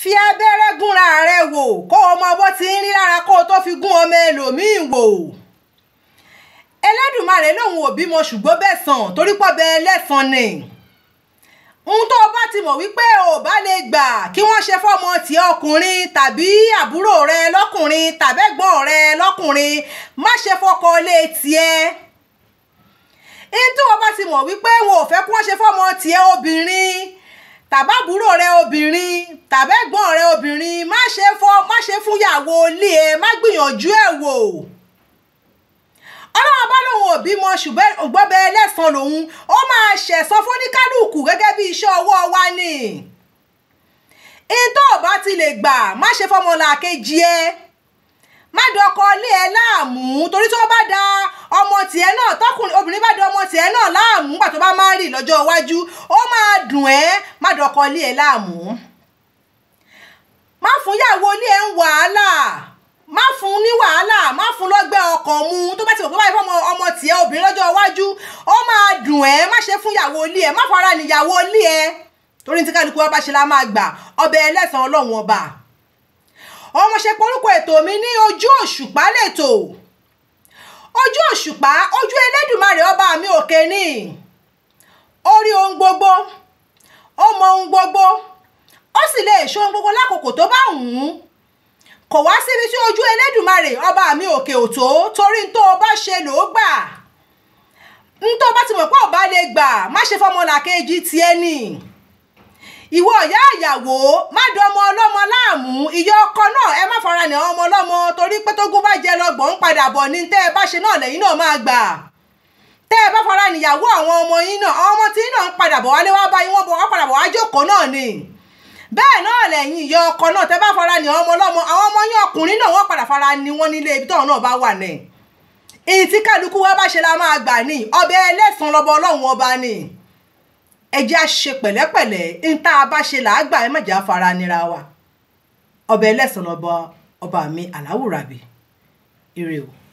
fi abẹ́rẹ́ gúnra rẹ wò kó o mọ ti ń rí lára kó o tó fi gún ọmọ ẹlòmíín wò Elédùmarè lòun ò bímọ ṣùgbọ́n bẹ́ẹ̀ sàn torí pọ̀ bẹ́ẹ̀ lẹ́sàn ni ohun tó o bá ti mọ̀ wípé o bá lè gbà kí wọ́n ṣe fọ́mọ tí ọkùnrin tàbí àbúrò rẹ lọ́kùnrin tàbẹ́gbọ́n rẹ lọ́kùnrin má ṣe fọkọ lé tiẹ̀ ohun tó o bá ti mọ̀ wípé wọn ò fẹ́ kí wọ́n ṣe fọ́mọ tiẹ̀ obìnrin tàbábúrò rẹ obìnrin tàbẹ́gbọ́n rẹ obìnrin má ṣe fọ́ má ṣe fúnyàwó ilé ẹ má gbìyànjú ẹ̀ wò ọlọ́run bá lòun ò bímọ ṣùgbọ́n ògbọ́bẹ lẹ́sàn-án lòun ó máa ṣẹ̀san fóníkálùkù gẹ́gẹ́ bí iṣẹ́ ọwọ́ wa ni ìtọ́ ọba ti lè gbà má ṣe fọmọlà kejì ẹ má dọkọ ilé ẹ láàmú torí tó bá da ọmọ tiẹ̀ náà tọkùnrin obìnrin bá da ọmọ tiẹ̀ náà láàmú nígbà tó bá máa rì lọ́jọ́ iwájú ó máa dùn ẹ́ má dọkọ ilé ẹ láàmú má fún yàwó ilé ẹ ń wàhálà má fún ní wàhálà má fún lọ́gbẹ́ ọkàn mu tó bá ti wọ̀ pé báyìí fọmọ ọmọ tiẹ̀ obìnrin lọ́jọ́ iwájú ó máa dùn ẹ́ má ṣe fún yàwó ilé ẹ má fara níyàwó ilé ẹ torí tí kálukú ọba ṣe la máa gbà ọbẹ̀ ẹlẹ́sàn ọlọ́run ọba ọmọṣẹ́ porúkọ ètò mi ní ojú òṣùpá lẹ́tò ojú òṣùpá ojú Elédùmarè ọba mi òkè ní orí ohun gbogbo ó mọ ohun gbogbo ó sì lè ṣe ohun gbogbo lákòókò tó bá wù ú kò wá síbi tí ojú elédùnmarè ọba mi òkè òtó torí tó o bá ṣe ló gbà n tó o bá ti mọ̀ pé ọba lè gbà má ṣe fọmọlàkejì tiẹ̀ nì ìwọ ìyá ìyàwó má dọmọ ọlọ́mọ láàmú ìyá ọkọ náà ẹ má fara ọmọ ọlọ́mọ torí pé tógún bá jẹ lọ́gbọ̀n ń padà bọ̀ ní tẹ́ ẹ bá ṣe tẹ́ ẹ bá fara níyàwó àwọn ọmọ yín náà àwọn ọmọ tí yín náà ń padà bọ̀ wálé wá báyìí wọ́n bọ̀ wá padà bọ̀ wá jókòó náà ni bẹ́ẹ̀ náà lẹ́yìn ìyá ọkọ náà tẹ́ bá fara ní ọmọ ọlọ́mọ àwọn ọmọ yín ọkùnrin náà wọ́n padà fara ní wọ́n nílé ibi tọ́hún náà bá wà ní. èyí tí kálukú wa bá ṣe la máa gbà ní ọbẹ̀ ẹlẹ́sàn lọ́bọ ọlọ́run ọba ní. ẹ jẹ́ àṣe pẹ̀lẹ́pẹ̀lẹ́ ń tá a bá ṣe làágbà ẹ mọ̀jà fara nira wa ọbẹ̀ ẹlẹ́sàn lọ́bọ ọba mi aláwùrábì ire o.